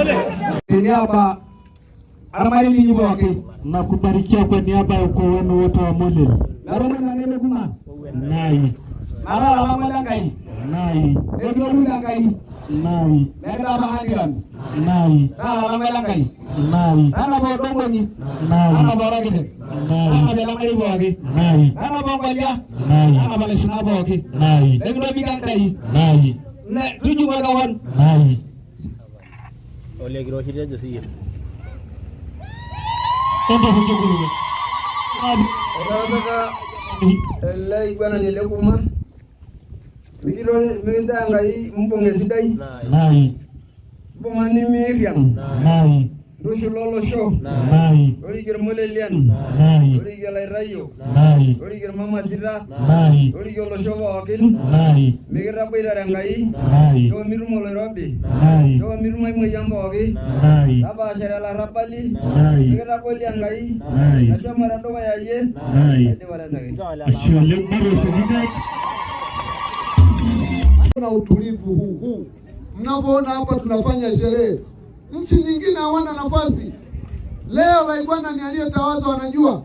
Kwa niaba aramari ni wake na kubarikia kwa niaba ya ukoo wenu wote wa Molel. Garona na nene kuma. Nai. Mara la mama dangai. Nai. Ndio ndio dangai. Nai. Nenda mahangiran. Nai. Ala mama dangai. Nai. Ala bo dongo Nai. Ala bo ragide. Nai. Ala bela mari bo age. Nai. Ala bo ngalia. Nai. Ala bala sina bo age. Nai. Ndio ndio dangai. Nai. Ne tuju magawan. Nai. Ole kiroshi tejo siye. Otaataka lai bwana nile kuma mikintanga hii mbonge sidai mbonga ni Miriam Rusu lolo show, nai, uri ger mule lian, nai, uri ger lai rayu, nai, uri mama sira, nai, uri ger lo show wa wakil, nai, mega rapa ira rangai, nai, jo miru mole robi, nai, jo yang bawagi, nai, apa asera la rapa li, nai, mega rapa lian lai, nai, asio mara to wa yaye, nai, asio lepa lo sedika, asio lepa lo sedika, asio lepa lo sedika, asio lepa lo sedika, asio lepa lo sedika, asio lepa lo sedika, asio lepa lo sedika, asio nchi nyingine hawana nafasi. Leo waibwana ni aliyetawaza wanajua,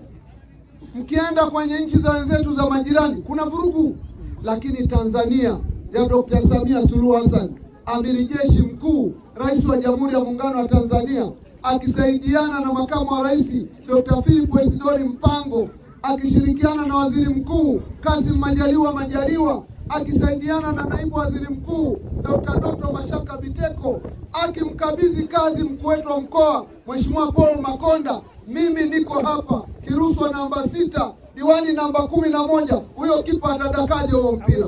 mkienda kwenye nchi za wenzetu za majirani kuna vurugu, lakini Tanzania ya Dr. Samia Suluhu Hassan, amiri jeshi mkuu, rais wa Jamhuri ya Muungano wa Tanzania, akisaidiana na makamu wa rais Dr. Philip Isidori Mpango, akishirikiana na waziri mkuu Kassim Majaliwa Majaliwa akisaidiana na naibu waziri mkuu Dr. Doto Mashaka Biteko akimkabidhi kazi mkuu wetu wa mkoa Mheshimiwa Paul Makonda. Mimi niko hapa kiruswa namba sita diwani namba kumi na moja. Huyo kipa atadakaje huo mpira?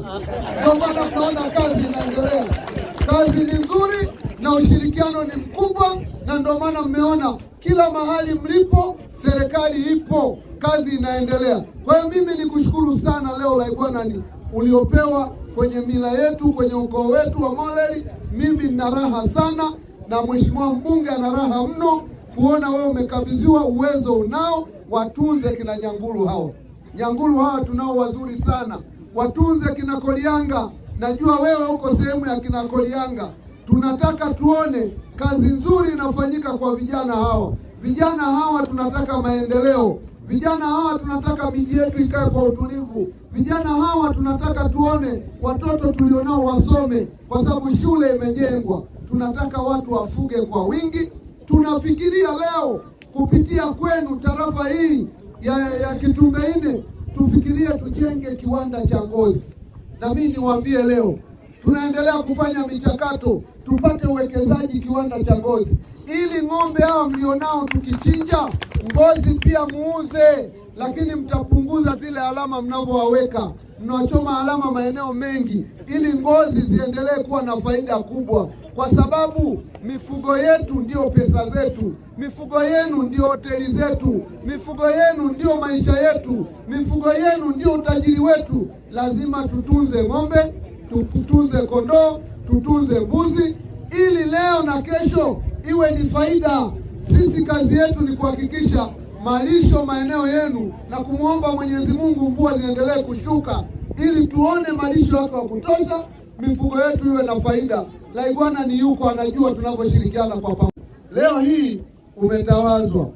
Ndio maana tunaona kazi inaendelea, kazi ni nzuri na ushirikiano ni mkubwa, na ndio maana mmeona kila mahali mlipo serikali ipo, kazi inaendelea. Kwa hiyo mimi nikushukuru sana leo laibwanani uliopewa kwenye mila yetu, kwenye ukoo wetu wa Moleri. Mimi nina raha sana na mheshimiwa mbunge ana raha mno kuona wewe umekabidhiwa uwezo unao, watunze kina Nyangulu hao. Nyangulu hawa tunao wazuri sana, watunze kina Kolianga. Najua wewe uko sehemu ya kina Kolianga. Tunataka tuone kazi nzuri inafanyika kwa vijana hawa. Vijana hawa tunataka maendeleo. Vijana hawa tunataka miji yetu ikae kwa utulivu. Vijana hawa tunataka tuone watoto tulionao wasome, kwa sababu shule imejengwa. Tunataka watu wafuge kwa wingi. Tunafikiria leo kupitia kwenu tarafa hii ya, ya Kitumbe nne tufikirie tujenge kiwanda cha ngozi, na mimi niwaambie leo tunaendelea kufanya michakato tupate uwekezaji kiwanda cha ngozi, ili ng'ombe hao mlionao tukichinja Ngozi pia muuze, lakini mtapunguza zile alama mnavyowaweka. Mnawachoma alama maeneo mengi, ili ngozi ziendelee kuwa na faida kubwa, kwa sababu mifugo yetu ndiyo pesa zetu, mifugo yenu ndiyo hoteli zetu, mifugo yenu ndiyo maisha yetu, mifugo yenu ndiyo utajiri wetu. Lazima tutunze ng'ombe, tutunze kondoo, tutunze mbuzi, ili leo na kesho iwe ni faida sisi kazi yetu ni kuhakikisha malisho maeneo yenu na kumwomba Mwenyezi Mungu mvua ziendelee kushuka ili tuone malisho yake ya kutosha, mifugo yetu iwe na faida. Laibwana ni yuko anajua tunavyoshirikiana kwa pamoja. Leo hii umetawazwa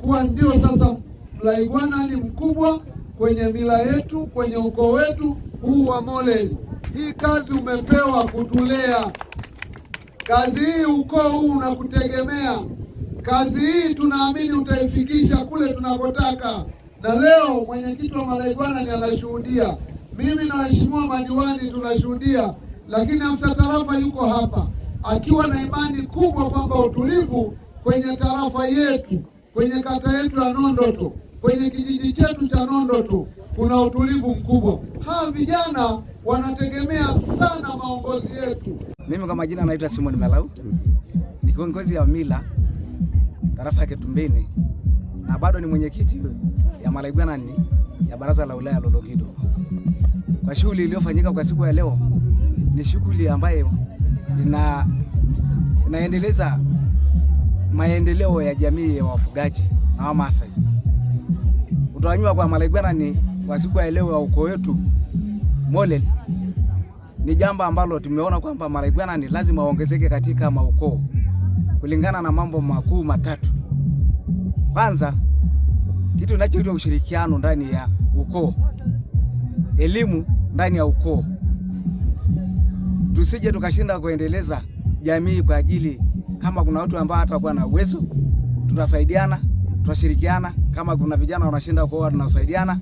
kuwa ndio sasa Laibwana ni mkubwa kwenye mila yetu, kwenye ukoo wetu huu wa Moleli. Hii kazi umepewa kutulea, kazi hii ukoo huu unakutegemea. Kazi hii tunaamini utaifikisha kule tunakotaka, na leo mwenyekiti wa maraigwana ni anashuhudia, mimi na waheshimiwa madiwani tunashuhudia, lakini afisa tarafa yuko hapa akiwa na imani kubwa kwamba utulivu kwenye tarafa yetu, kwenye kata yetu ya Nondoto, kwenye kijiji chetu cha Nondoto kuna utulivu mkubwa. Hawa vijana wanategemea sana maongozi yetu. Mimi kwa majina naitwa Simon Melau, ni kiongozi wa mila tarafa ya Kitumbini na bado ni mwenyekiti ya malaigwanani ya baraza la Ulaya Lologido. Kwa shughuli iliyofanyika kwa siku ya leo, ni shughuli ambayo ina inaendeleza maendeleo ya jamii ya wafugaji na Wamasai. Kutawanywa kwa malaigwanani kwa siku ya leo ya ukoo wetu Molel ni jambo ambalo tumeona kwamba malaigwanani lazima waongezeke katika maukoo kulingana na mambo makuu matatu. Kwanza, kitu kinachoitwa ushirikiano ndani ya ukoo, elimu ndani ya ukoo. Tusije tukashinda kuendeleza jamii kwa ajili, kama kuna watu ambao hatakuwa na uwezo, tutasaidiana, tutashirikiana. Kama kuna vijana wanashinda kuoa, tunasaidiana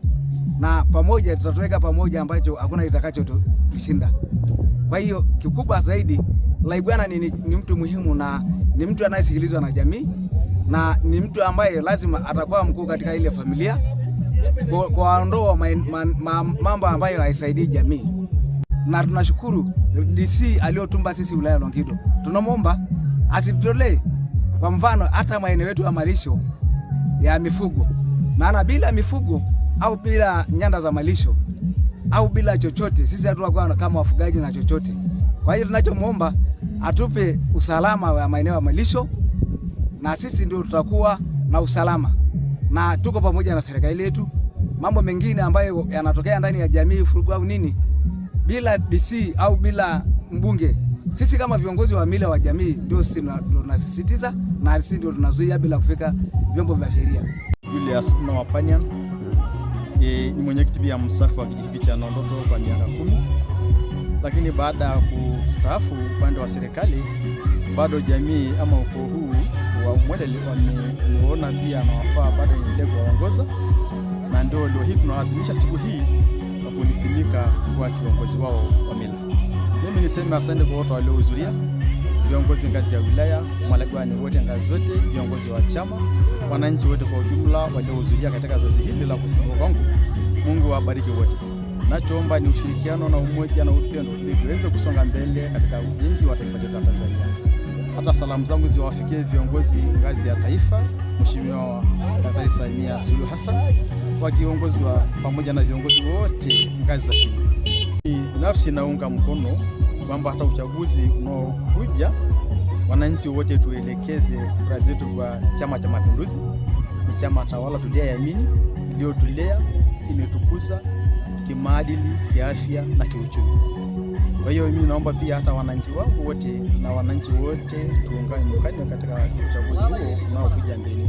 na pamoja tutatoweka pamoja, ambacho hakuna itakachotushinda. Kwa hiyo kikubwa zaidi Laibwana ni, ni, ni mtu muhimu na ni mtu anayesikilizwa na jamii na ni mtu ambaye lazima atakuwa mkuu katika ile familia kuwaondoa mambo ambayo haisaidii jamii, na tunashukuru DC aliyotumba sisi wilaya Longido. Tunamwomba asitutolee kwa mfano hata maeneo yetu ya malisho ya mifugo, maana bila mifugo au bila nyanda za malisho au bila chochote sisi hatuakuwa kama wafugaji na chochote. Kwa hiyo tunachomwomba atupe usalama wa maeneo ya malisho, na sisi ndio tutakuwa na usalama, na tuko pamoja na serikali yetu. Mambo mengine ambayo yanatokea ndani ya jamii, furugu au nini, bila DC au bila mbunge, sisi kama viongozi wa mila wa jamii ndio sisi tunasisitiza, na sisi ndio tunazuia bila kufika vyombo vya sheria. Julius Mnawapanian ni mwenyekiti pia msafu wa kijiji cha Nondoto kwa miaka kumi lakini baada ya kustaafu upande wa serikali, bado jamii ama ukoo huu wa Umweleli wameona pia anawafaa bado endelee kuwaongoza, na ndio leo hii tunawazimisha siku hii kwa kunisimika kwa kiongozi wao wa mila. Mimi niseme asante kwa wote waliohudhuria, viongozi ngazi ya wilaya, malagwani wote ngazi zote, viongozi wa chama, wananchi wote kwa ujumla waliohudhuria katika zoezi hili la kusimikwa kwangu. Mungu awabariki wote. Nachoomba ni ushirikiano na umoja na upendo ili tuweze kusonga mbele katika ujenzi wa taifa letu la Tanzania. Hata salamu zangu ziwafikie viongozi ngazi ya taifa, Mheshimiwa Daktari Samia Suluhu Hassan wakiongozwa pamoja na viongozi wote ngazi za chini. Binafsi naunga mkono kwamba hata uchaguzi unaokuja wananchi wote tuelekeze kura zetu kwa Chama cha Mapinduzi. Ni chama tawala tuliyoiamini, iliyotulea, imetukuza kimaadili, kiafya na kiuchumi. Kwa hiyo mimi naomba pia hata wananchi wangu wote na wananchi wote tuungane mkono katika uchaguzi huo unaokuja mbele.